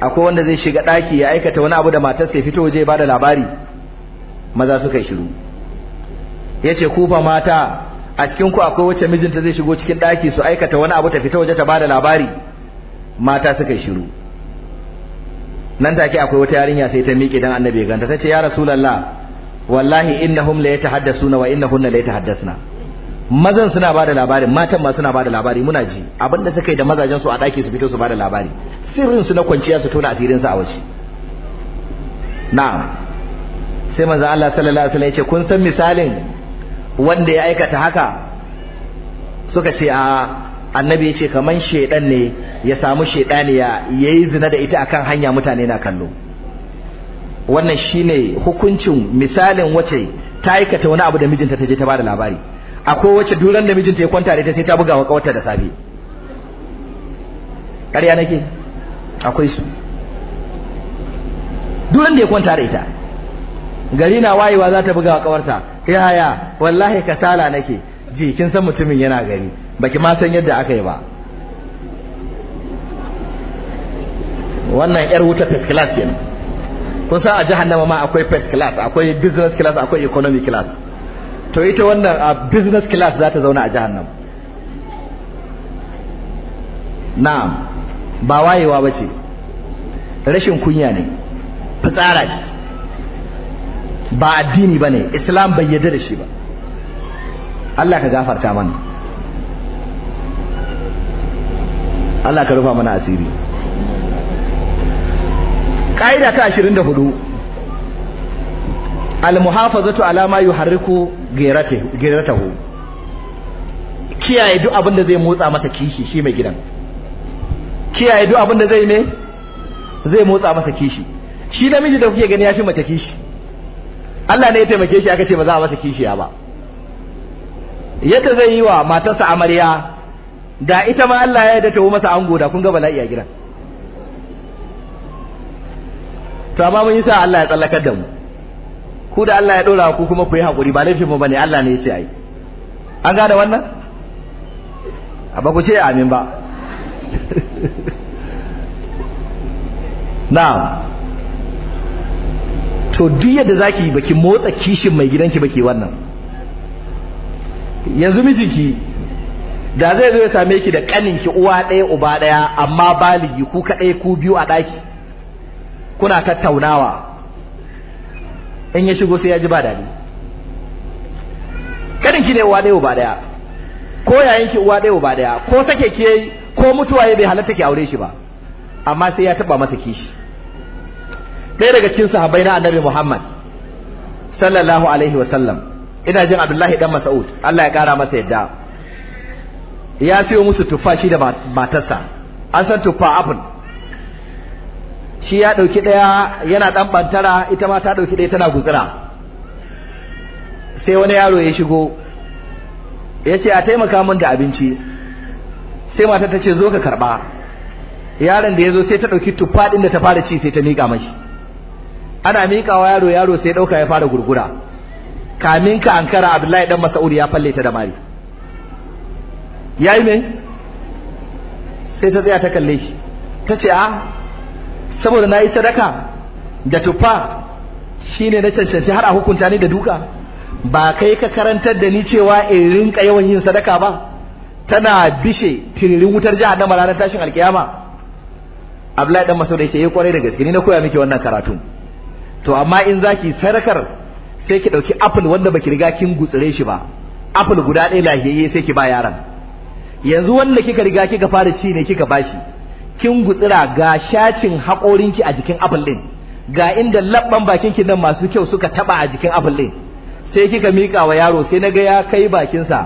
akwai wanda zai shiga daki ya aikata wani abu da matar sai fito waje ba da labari maza suka yi shiru Ya ku fa mata a cikin ku akwai wacce mijinta zai shigo cikin daki su aikata wani abu ta fita waje ta ba da labari mata suka shiru nan take akwai wata yarinya sai ta miƙe dan annabi ya ganta tace ya rasulullah wallahi innahum la yatahaddasuna wa innahunna la yatahaddasna mazan suna bada labari matan ma suna bada labari muna ji abinda suka yi da mazajen su a daki su fito su bada labari sirrin su na kwanciya su tona asirin su a waje na'am sai manzo Allah sallallahu alaihi wasallam ya kun san misalin wanda ya aikata haka suka ce a annabi ya ce kaman shedan ne ya samu shedaniya ya yi zina da ita akan hanya mutane na kallo wannan shine hukuncin misalin wace ta aikata wani abu da mijinta ta je ta bada labari akwai wace duran da mijinta ya kwanta da ita sai ta buga wa kawarta da safe ƙarya nake akwai su duran da ya kwanta da ita gari na wayewa za ta buga wa kawarta yaya haya wallahi kasala nake ji kin san mutumin yana gari baki ma san yadda aka yi ba wannan yar wuta first class ne kun san a jahannama ma akwai first class akwai business class akwai economy class to ita wannan a business class za ta zauna a jahannama na'am ba wayewa ba ce rashin kunya ne fitsara ne ba addini ba ne islam bai yarda da shi ba Allah ka gafarta mana Allah ka rufa mana asiri ƙa'ida ta 24 al-muhafazatu ala ma yuharriku gairatahu kiyaye duk abin da zai motsa masa kishi shi mai gidan kiyaye duk abin da zai ne zai motsa masa kishi shi namiji da kuke gani ya fi mace kishi Allah ne ya taimake shi aka ce ba za a masa kishiya ba yadda zai yi wa matarsa amarya da ita ma Allah ya da ta masa ango da kun ga bala'i a gidan to amma mun yi sa Allah ya tsallakar da mu ku da Allah ya dora ku kuma ku yi hakuri ba laifin mu bane Allah ne ya ce ai an gane wannan ba ku ce amin ba na'am to duk yadda zaki baki motsa kishin mai gidanki baki wannan yanzu mijinki da zai zo ya same ki da kanin ki uwa ɗaya uba ɗaya amma baligi ku kaɗai ku biyu a ɗaki kuna tattaunawa in ya shigo sai ya ji ba daɗi kanin ki ne uwa ɗaya uba ɗaya ko yayin ki uwa ɗaya uba ɗaya ko sake ke ko mutuwa ya bai halatta ki aure shi ba amma sai ya taba masa kishi ɗaya daga cikin sahabbai na annabi Muhammad sallallahu alaihi wa sallam ina jin Abdullahi dan Mas'ud Allah ya kara masa yadda ya siyo musu tuffa shi da matarsa an san tuffa abin shi ya ɗauki ɗaya yana ɗan bantara ita ma ta ɗauki ɗaya tana gutsira sai wani yaro ya shigo ya ce a taimaka min da abinci sai mata ta ce zo ka karɓa yaron da ya zo sai ta ɗauki tuffa ɗin da ta fara ci sai ta miƙa mashi ana miƙawa yaro yaro sai ɗauka ya fara gurgura kamin ka ankara abdullahi dan mas'ud ya falle ta da mari ya yi mai sai ta tsaya ta kalle shi ta ce a ah, saboda na yi sadaka da tuffa shi ne na cancanci har a hukunta ni da duka ba kai ka karantar da ni cewa in rinka yawan yin sadaka ba tana bishe tiririn wutar jihar na ranar tashin alkiyama abdullahi dan masau da yake yi eh, kwarai da gaske ni na koya miki wannan karatun to amma in zaki sadakar sai ki ɗauki apple wanda baki riga kin gutsure shi ba apple guda ɗaya lahiyayye sai ki ba yaran yanzu wanda kika riga kika fara ci ne kika bashi kin gutsira ga shacin haƙorinki a jikin apple din ga inda labban bakinki nan masu kyau suka taba a jikin apple din sai kika mika wa yaro sai naga ya kai bakinsa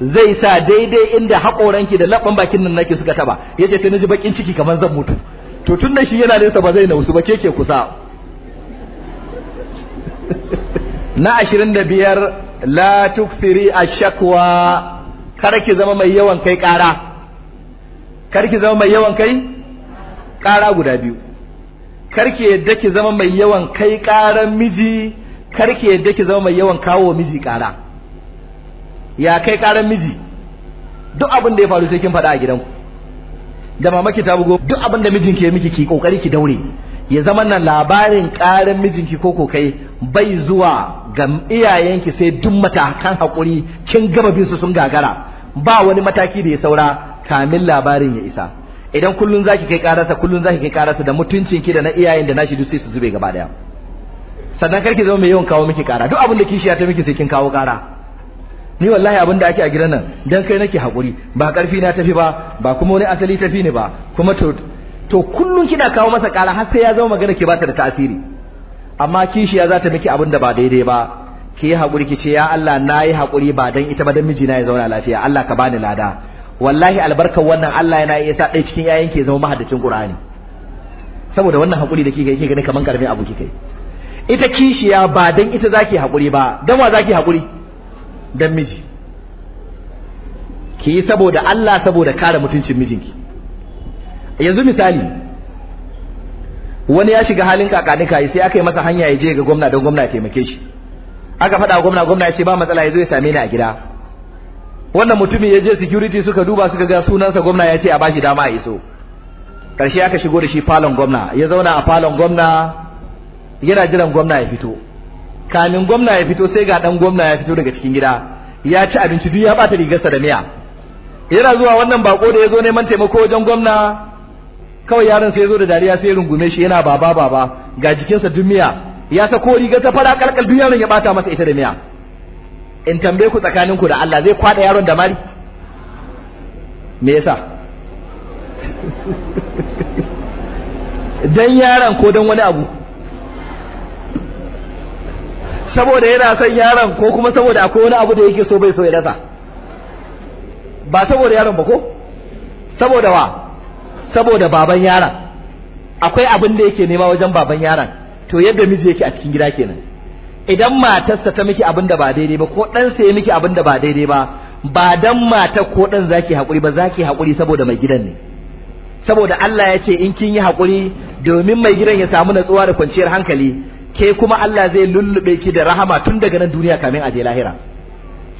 zai sa daidai inda haƙoranki da labban bakin nan nake suka taba yace sai naji bakin ciki kamar zan mutu to tun da shi yana nesa ba zai nausu ba keke kusa na 25 la tuksiri ashakwa kar ki zama mai yawan kai ƙara kar ki zama mai yawan kai ƙara guda biyu kar ki yadda ki zama mai yawan kai ƙaran miji kar ki yadda ki zama mai yawan kawo miji ƙara ya kai ƙaran miji duk abin da ya faru sai kin faɗa a gidanku da mamaki ta bugo duk abin da mijinki ya miki ki kokari ki daure ya zama nan labarin ƙarin mijinki ko ko kai bai zuwa ga iyayenki sai duk matakan haƙuri kin gaba bin su sun gagara ba wani mataki da ya saura kamin labarin ya isa idan kullun zaki kai karasa kullun zaki kai karasa da mutuncin ki da na iyayen da nashi duk sai su zube gaba daya sannan karki zama mai yawan kawo miki kara duk abin da kishiya ta miki sai kin kawo kara ni wallahi abin da ake a gidan nan dan kai nake hakuri ba karfi na tafi ba ba kuma wani asali tafi ne ba kuma to to kullun kina kawo masa kara har sai ya zama magana ke ba bata da tasiri amma kishiya za ta miki abin da ba daidai ba ki yi haƙuri ki ce ya Allah na yi haƙuri ba dan ita ba dan mijina ya zauna lafiya Allah ka bani lada wallahi albarkar wannan Allah yana iya sa ɗaya cikin yayan ke zama mahaddacin Qur'ani saboda wannan haƙuri da kike kike ne kaman karfin abu kike ita kishiya ba dan ita zaki haƙuri ba dan wa zaki haƙuri dan miji ki yi saboda Allah saboda kare mutuncin mijinki yanzu misali wani ya shiga halin kakanika sai aka yi masa hanya ya je ga gwamna don gwamna ya taimake shi aka faɗa gwamna gwamna ya ce ba matsala ya zo ya same ni a gida wannan mutumin ya je security suka duba suka ga sunansa gwamna ya ce a bashi dama a iso karshe aka shigo da shi falon gwamna ya zauna a falon gwamna yana jiran gwamna ya fito kamin gwamna ya fito sai ga dan gwamna ya fito daga cikin gida ya ci abinci duk ya bata rigarsa da miya yana zuwa wannan bako da ya zo neman taimako wajen gwamna kawai yaron sai ya zo da dariya sai ya rungume shi yana baba baba ga jikinsa duk miya ya ko riga ta fara kalkal duniya yaron ya bata masa ita da miya in tambaye ku tsakanin ku da Allah zai kwada yaron da mari me yasa dan yaron ko dan wani abu saboda yana son yaron ko kuma saboda akwai wani abu da yake so bai so ya rasa ba saboda yaron ba ko saboda wa saboda baban yaron akwai abin da yake nema wajen baban yaron to yadda miji yake a cikin gida kenan idan matarsa ta miki abin da ba daidai ba ko ɗansa ya miki abin da ba daidai ba ba dan matar ko dan zaki hakuri ba zaki haƙuri saboda mai gidan ne saboda Allah ya ce in kin yi hakuri domin mai gidan ya samu natsuwa da kwanciyar hankali ke kuma Allah zai lullube ki da rahama tun daga nan duniya kamin a je lahira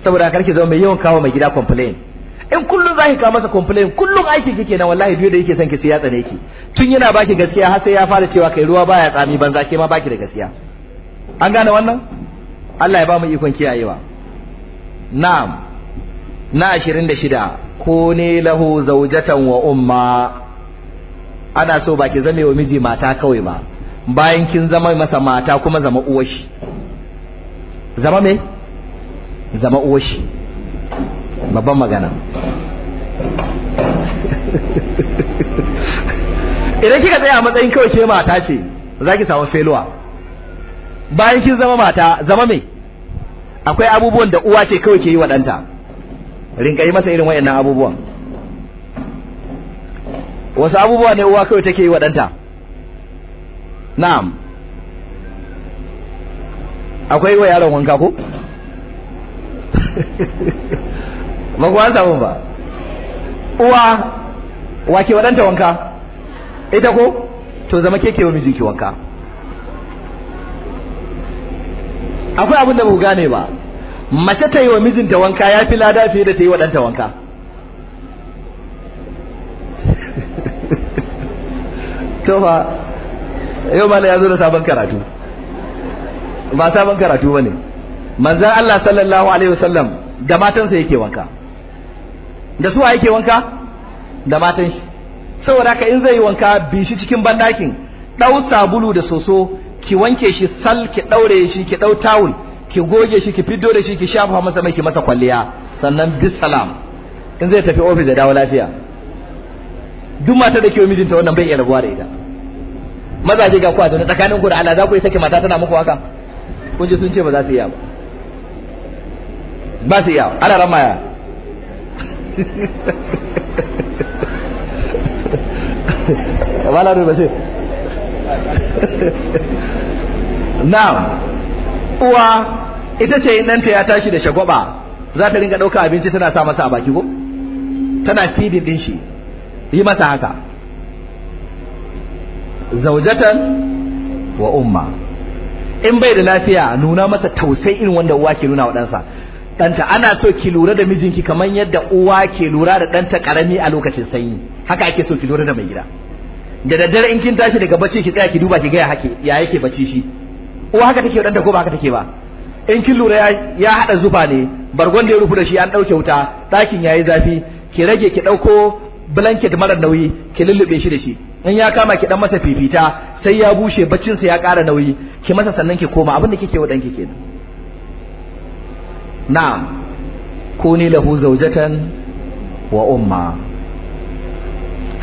saboda kar ki zama mai yawan kawo mai gida complain in kullun zaki ka masa complain kullun aiki kike na wallahi biyo da yake son ki sai ya tsane ki tun yana baki gaskiya har sai ya fara cewa kai ruwa baya tsami banza ke ma baki da gaskiya an gane wannan Allah ya ba mu ikon kiyayewa na'am na 26 ko ne lahu zaujatan wa umma ana so baki zame wa miji mata kawai ba bayan kin zama masa mata kuma zama uwashi zama me zama uwashi babban magana idan kika tsaya a matsayin kawai ke mata ce za ki samu feluwa bayan kin zama mata zama mai akwai abubuwan da uwa ce kawai ke yi wa rinka yi masa irin wayannan abubuwan wasu abubuwa ne uwa kawai take yi wa na'am akwai wa yaron wanka ko ba ku an samu ba uwa wa ke waɗanta wanka ita ko to zama ke ke wa mijinki wanka akwai abin da buga ne gane ba mace ta yi wa mijinta wanka ya fi lada fiye da ta yi wa wanka to fa yau mala ya zo da sabon karatu ba sabon karatu ba ne manzan Allah sallallahu alaihi wasallam da matansa yake wanka da su yake wanka da matan shi saboda haka in zai yi wanka bi shi cikin bandakin ɗau sabulu da soso ki wanke shi sal ki ɗaure shi ki ɗau tawul ki goge shi ki fiddo da shi ki shafa masa mai ki masa kwalliya sannan bisalam salam in zai tafi ofis da dawo lafiya duk mata da ke mijinta wannan bai iya rabuwa da ita mazaje ga ku a zaune tsakanin ku da Allah za ku yi sake mata tana muku haka kun ji sun ce ba za su iya ba ba su iya ana ramaya wala na'am uwa ita ce in ɗanta ya tashi da shagwaba za ta ringa ɗauka abinci tana sa masa a baki ko tana feeding din shi yi masa haka zaujatan wa umma in bai da lafiya nuna masa tausai irin wanda uwa ke nuna wa ɗansa ɗanta ana so ki lura da mijinki kamar yadda uwa ke lura da ɗanta ƙarami a lokacin sanyi haka ake so ki lura da mai gida da daddare in kin tashi daga bacci ki tsaya ki duba ki ga hake ya yake bacci shi uwa haka take danta ko ba haka take ba in kin lura ya haɗa zufa ne bargon da ya rufu da shi an ɗauke wuta ɗakin yayi zafi ki rage ki dauko blanket mara nauyi ki lullube shi da shi in ya kama ki dan masa fifita sai ya bushe baccin sa ya kara nauyi ki masa sannan ki koma abin da kike wa danki kenan na'am kuni lahu zawjatan wa umma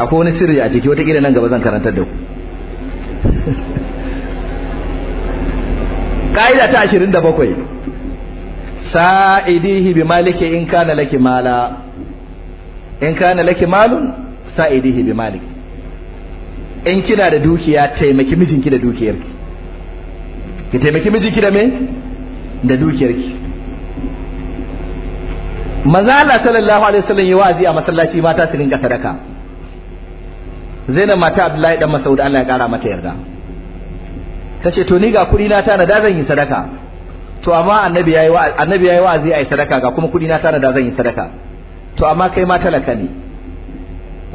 akwai wani sirri a ciki wataƙila nan gaba zan karanta da ku Ka'ida ta ashirin da bakwai sa'idihi bi maliki in kana laki mala in kana laki malun sa'idihi bi maliki in kina da dukiya taimaki mijinki da dukiyarki ki taimaki mijinki da me da dukiyarki Maza Allah sallallahu alaihi wasallam ya wa'azi a masallaci mata su rinka sadaka Zainab mata Abdullahi dan Masaud Allah ya kara mata yarda tace to ni ga kudi na tana da zan yi sadaka to amma annabi yayi wa annabi yayi wa'azi ayi sadaka ga kuma kudi na tana da zan yi sadaka to amma kai ma talaka ne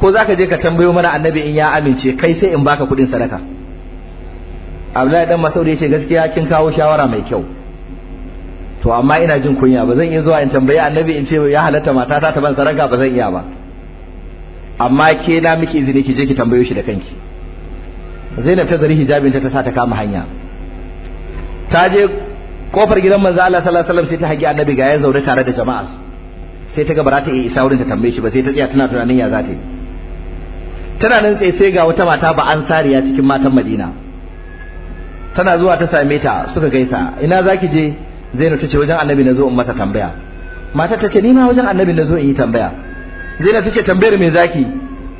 ko zaka je ka tambayo mana annabi in ya amince kai sai in baka kudin sadaka Abdullahi dan ya yace gaskiya kin kawo shawara mai kyau to amma ina jin kunya ba zan iya zuwa in tambayi annabi in ce ya halatta mata ta ban saraka ba zan iya ba amma ke na miki izini ki je ki tambayo shi da kanki Zainab ta zari hijabin ta sa ta kama hanya ta je kofar gidan manzo Allah sallallahu alaihi wasallam sai ta hagi annabi ga ya zaure tare da jama'a sai ta ga barata ta iya isa wurin ta tambaye shi ba sai ta tsaya tana tunanin ya zata. yi tana nan tsaye sai ga wata mata ba an sariya cikin matan Madina tana zuwa ta same ta suka gaisa ina zaki je zainab tace wajen annabi nazo in masa tambaya matar tace ni ma wajen annabi nazo in yi tambaya zainab tace tambayar me zaki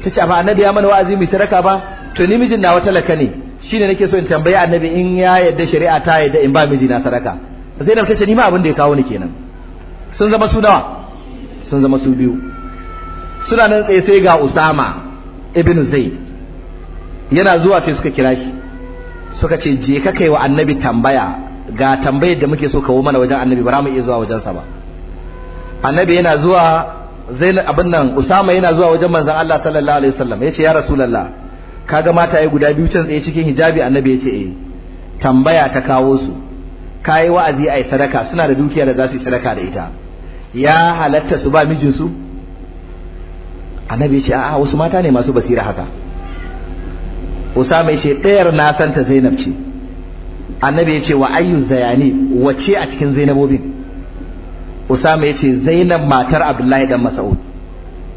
tace ba annabi ya mana wa'azi mai taraka ba to ni mijin na talaka ne shine nake so in tambayi annabi in ya yadda shari'a ta yadda in ba miji na sadaka zainab tace ni ma abin da ya kawo ni kenan sun zama su nawa sun zama su biyu suna nan tsaye sai ga usama ibn zaid yana zuwa sai suka kira shi suka ce je ka kai wa annabi tambaya ga tambayar da muke so kawo mana wajen annabi ba mu iya zuwa wajensa ba annabi yana zuwa zainab abin nan usama yana zuwa wajen manzon Allah sallallahu alaihi wasallam yace ya rasulullah kaga mata ai guda biyu can tsaye cikin hijabi annabi yace eh tambaya ta kawo su kai wa'azi ai sadaka suna da dukiya da za su yi sadaka da ita ya halatta su ba mijinsu annabi yace a'a wasu mata ne masu basira haka usama yace ɗayar na santa zainab ce annabi ya ce wa ayyun zayani wace a cikin zainabobin usama ya ce zainab matar abdullahi dan mas'ud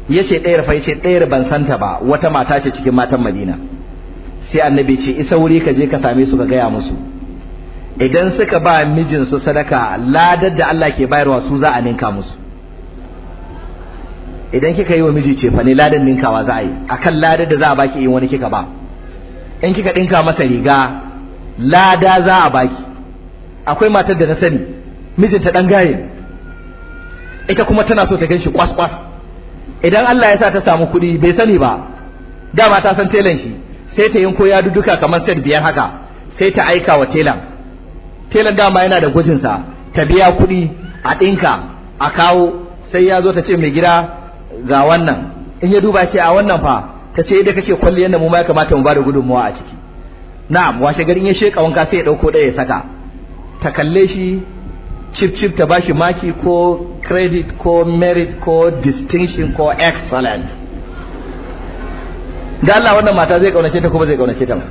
ya ce ɗayar fa ya ce ɗayar ban santa ba wata mata ce cikin matan madina sai annabi ya ce isa wuri ka je ka same su ka gaya musu idan suka ba mijinsu sadaka ladar da Allah ke bayarwa su za a ninka musu idan kika yi wa miji ce fa ne ladan ninkawa za a yi akan ladar da za a baki in wani kika ba in kika dinka masa riga lada za a baki akwai matar da ta sani mijinta dan gaye ita kuma tana so ta ganshi kwas kwas idan Allah ya sa ta samu kuɗi bai sani ba dama ta san telan shi sai ta yanko ya duduka kamar set biyar haka sai ta aika wa telan telan dama yana da gwajin sa ta biya kuɗi a ɗinka a kawo sai ya zo ta ce mai gida ga wannan in ya duba ce a wannan fa ta ce idan kake kwalliyar da mu ma ya kamata mu ba da gudunmawa a ciki na'am washe garin ya sheka wanka sai ya dauko ɗaya ya saka ta kalle shi chip chip ta bashi maki ko credit ko merit ko distinction ko excellent da Allah wannan mata zai kaunace ta ko ba zai kaunace ta ba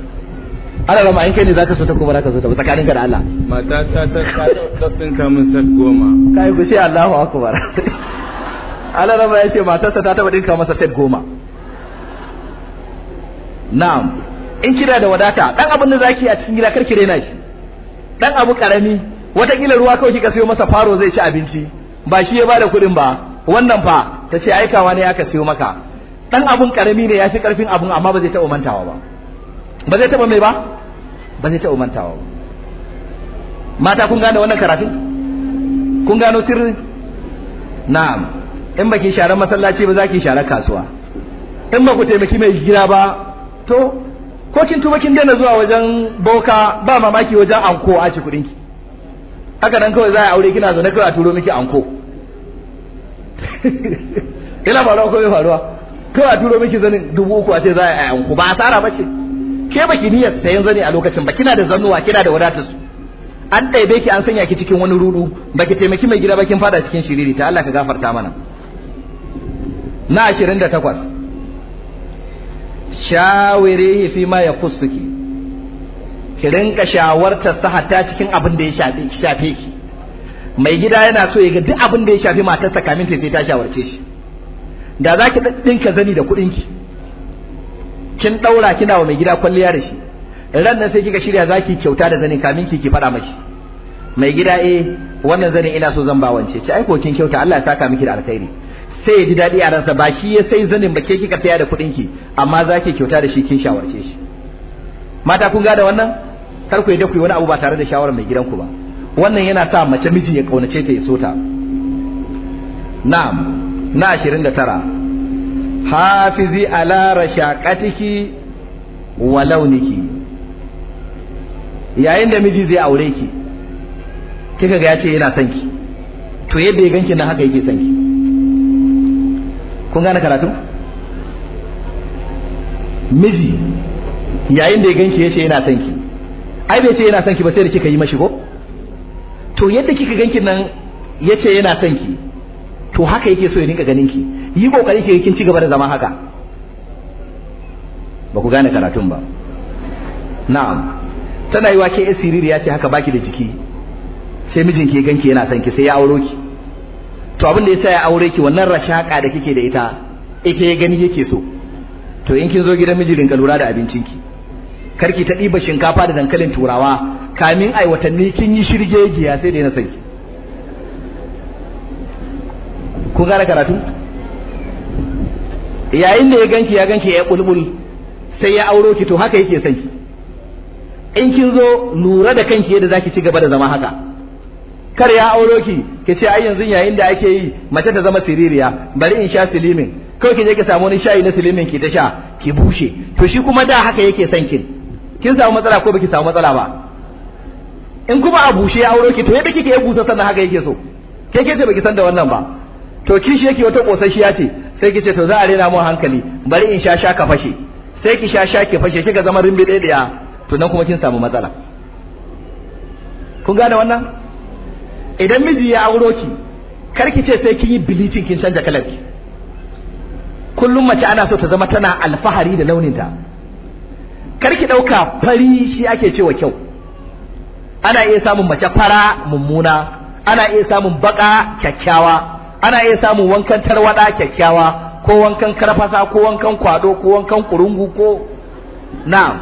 ana rama in kai ne zaka so ta ko ba zaka so ta ba tsakanin ka da Allah mata ta ta ta ka mun sat goma kai ku sai Allahu akbar Allah rama yace mata ta taba dinka masa sat goma na'am in kira da wadata dan abin da zaki a cikin gida karki rena shi dan abu karami watakila ruwa kawai kika sayo masa faro zai ci abinci ba shi ya bada kuɗin ba wannan fa ta ce aikawa ne aka sayo maka dan abun karami ne ya fi karfin abun amma ba zai taɓa mantawa ba ba zai taɓa mai ba ba zai taɓa mantawa ba mata kun gane wannan karatun kun gano sirri na'am in baki sharar masallaci ba za ki sharar kasuwa in ba ku taimaki mai gida ba to ko kin tuba kin daina zuwa wajen boka ba mamaki wajen anko a ci kudin ki haka nan kawai za a aure kina zaune kawai a turo miki anko ina faruwa ko bai faruwa kawai a turo miki zanin dubu uku a ce za a yi anko ba asara ba ce ke baki niyyar sayan zani a lokacin ba kina da zannuwa kina da wadatar su an ɗaibe ki an sanya ki cikin wani rudu baki taimaki mai gida ba kin fada cikin shiriri ta Allah ka gafarta mana na 28 shawirihi fi ma yakussuki ki rinka shawarta sa hatta cikin abin da ya shafe ki mai gida yana so ya ga duk abin da ya shafi matarsa kamin ta sai ta shawarce shi da za ki dinka zani da kuɗin ki kin ɗaura kina wa mai gida kwalliya da shi ran nan sai kika shirya zaki kyauta da zani kamin ki ki faɗa mashi mai gida eh wannan zani ina so zan ba wance ci ai kin kyauta Allah ya saka miki da alkhairi sai ya ji daɗi a ransa ba shi ya sai zanin ba ke kika saya da kuɗin ki amma za ki kyauta da shi kin shawarce shi mata kun gada wannan kar ku yi dakwai wani abu ba tare da shawarar mai gidanku ba wannan yana sa mace miji ya kaunace ta ya so ta na'am na 29 hafizi ala rashaqatiki wa launiki yayin da miji zai aure ki kika ga ya ce yana son ki to yadda ya ganki nan haka yake son ki kun gane karatu miji yayin da ya ganshi ya ce yana son ki ai bai ce yana son ki ba sai da kika yi mashi ko to yadda kika ganki nan ya ce yana son ki to haka yake so ya rinka ganin ki yi kokari ki kin ci gaba da zama haka ba ku gane karatun ba na'am tana yi wa ke siriri ya ce haka baki da jiki sai mijinki ya ganki yana son ki sai ya auro ki to abin da yasa ya aure ki wannan rashaka da kike da ita ita ya gani yake so to in kin zo gidan mijirin ka lura da abincin ki, karki ta ɗiba shinkafa da dankalin turawa kamin ai watanni kin yi shirgegiya sai dai na sai ku gara karatu yayin da ya ganki ya ganki ya bulbul sai ya auro ki to haka yake sanki in kin zo lura da kanki yadda zaki ci gaba da zama haka kar ya auro ki ki ce ai yanzu yayin da ake yi mace ta zama siririya bari in sha silimin kawai ki je ki samu wani shayi na silimin ki ta sha ki bushe to shi kuma da haka yake son kin kin samu matsala ko baki samu matsala ba in kuma a bushe ya auro ki to yadda kike ya busa sannan haka yake so kai ke ce baki san da wannan ba to shi yake wata kosasshiya ce sai ki ce to za a rena mu hankali bari in sha sha ka fashe sai ki sha sha ki fashe kika zama rimbi ɗaya to nan kuma kin samu matsala kun gane wannan idan miji ya auro ki kar ki ce sai kin yi bleaching kin canza kalar ki kullum mace ana so ta zama tana alfahari da launinta kar ki dauka fari shi ake cewa kyau ana iya samun mace fara mummuna ana iya samun baka kyakkyawa ana iya samun wankan tarwada kyakkyawa ko wankan karfasa ko wankan kwado ko wankan kurungu ko na'am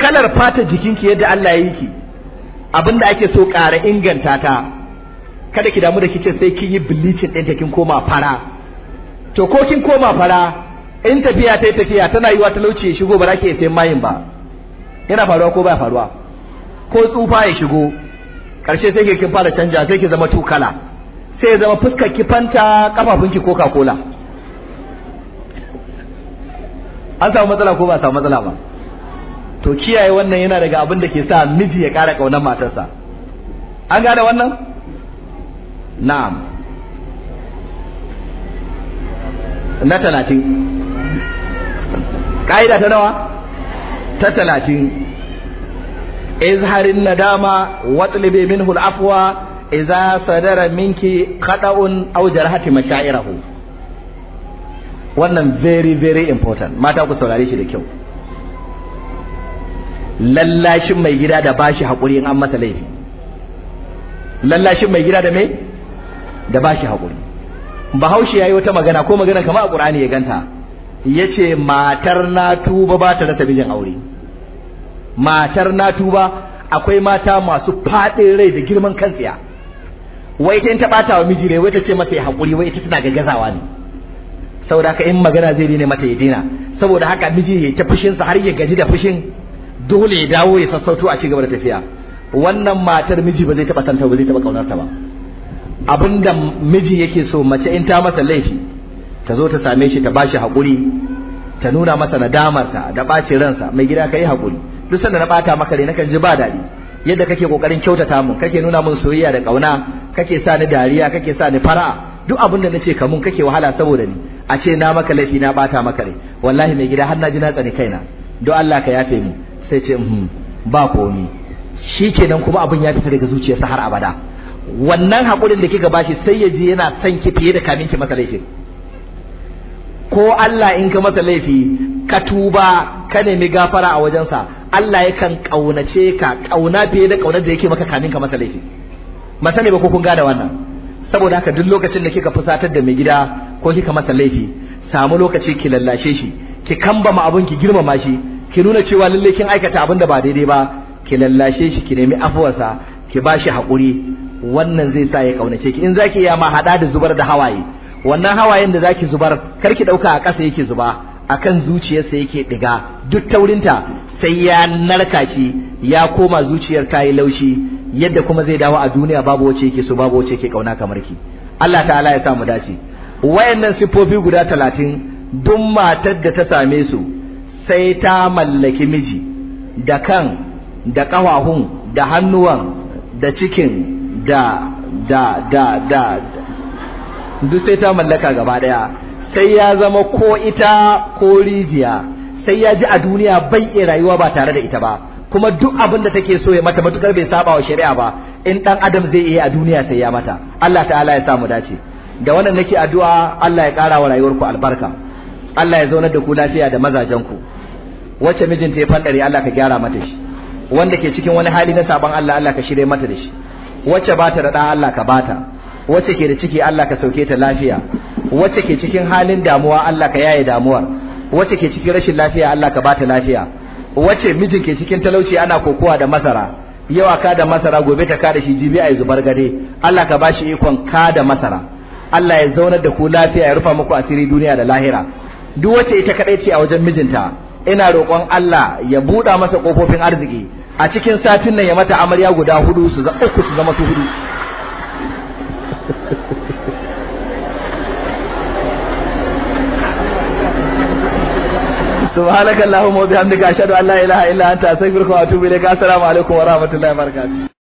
kalar fata jikinki yadda Allah ya yi ki abinda ake so ƙara inganta ta kada ki damu da kice sai kin yi bleaching ɗinta kin koma fara to ko kin koma fara in tafiya ta tafiya tana yiwa talauci ya shigo ba za ki sai mayin ba yana faruwa ko ba faruwa ko tsufa ya shigo ƙarshe sai kin fara canja sai ki zama tukala sai ya zama fuskar ki fanta kafafun ki coca cola an samu matsala ko ba samu matsala ba to kiyaye wannan yana daga abin da ke sa miji ya ƙara ƙaunar matarsa an gane wannan na'am na talatin ƙa'ida ta nawa ta talatin izharin nadama watsalibe minhu al'afwa idza sadara minki qada'un aw jarahati mashairahu wannan very very important mata ku saurare shi da kyau lallashin mai gida da bashi haƙuri in an masa laifi lallashin mai gida da me da bashi haƙuri bahaushe ya yi wata magana ko magana kama a ƙur'ani ya ganta ya ce matar na tuba ba ta rasa mijin aure matar na tuba akwai mata masu faɗin rai da girman kan tsiya wai ta ɓata wa miji rai wai ta ce masa ya haƙuri wai ita tana gaggazawa ne saboda haka in magana zai ne mata ya dina saboda haka miji ya ta fushinsa har ya gaji da fushin dole ya dawo ya sassauto a cigaba da tafiya wannan matar miji ba zai taba santa ba zai taba kaunarta ba abinda miji yake so mace in ta masa laifi ta zo ta same shi ta bashi hakuri ta nuna masa nadamarta da ɓacin ransa mai gida kai hakuri duk sanda na bata maka rai nakan ji ba daɗi yadda kake kokarin kyautata mun kake nuna mun soyayya da kauna kake sa ni dariya kake sa ni fara'a duk abin da nace ka mun kake wahala saboda ni a ce na maka laifi na bata maka rai wallahi mai gida har na ji na tsani kaina don Allah ka yafe mu sai ce hmm, ba komi shikenan kuma abin ya fita daga zuciyarsa har abada wannan hakurin da kika bashi sai ya ji yana son ki fiye da kamin ki masa laifi ko Allah in ka masa laifi ka tuba ka nemi gafara a wajensa Allah yakan kaunace ka kauna fiye da kaunar da yake maka kamin ka masa laifi masa ne ba ko kun gada wannan saboda haka duk lokacin da kika fusatar da mai gida ko kika masa laifi samu lokaci ki lallashe shi ki kambama abun ki girmama shi ki nuna cewa lalle kin aikata abin da ba daidai ba ki lallashe shi ki nemi afuwarsa ki bashi hakuri wannan zai sa ya kaunace ki in zaki iya ma hada da zubar da hawaye wannan hawayen da zaki zubar kar ki dauka a ƙasa yake zuba akan zuciyarsa yake diga duk taurinta sai ya narka ki ya koma zuciyar ta yi laushi yadda kuma zai dawo a duniya babu wacce yake so babu wacce yake kauna kamar ki Allah ta'ala ya sa mu dace wayannan sifofi guda talatin duk matar da ta same su sai ta mallaki miji da kan da ƙafafun da hannuwan da cikin da da da da duk sai ta mallaka gaba daya sai ya zama ko ita ko rijiya sai ya ji a duniya bai iya rayuwa ba tare da ita ba kuma duk abin da take so ya mata matukar bai saba wa shari'a ba in dan adam zai iya a duniya sai ya mata Allah ta'ala ya samu dace da wannan nake addu'a Allah ya kara wa rayuwarku albarka Allah ya zaunar da ku lafiya da mazajen ku wacce mijinta ya fadari Allah ka gyara mata shi wanda ke cikin wani hali na sabon Allah Allah ka shirye mata da shi wacce ba ta da da Allah ka bata wacce ke da ciki Allah ka sauke ta lafiya wacce ke cikin halin damuwa Allah ka yaye damuwar wacce ke cikin rashin lafiya Allah ka bata lafiya wacce mijin ke cikin talauci ana kokowa da masara yawa ka da masara gobe ta ka da shi jibi ai zubar gare Allah ka bashi ikon ka da masara Allah ya zaunar da ku lafiya ya rufa muku asiri duniya da lahira duk wacce ita kadai ce a wajen mijinta ina roƙon Allah ya buɗa masa ƙofofin arziki a cikin satin nan ya mata amarya guda hudu su za uku su zama su hudu subhanakallahumma wa bihamdika ashhadu an la ilaha illa anta astaghfiruka wa atubu ilayk assalamu alaikum wa rahmatullahi wa barakatuh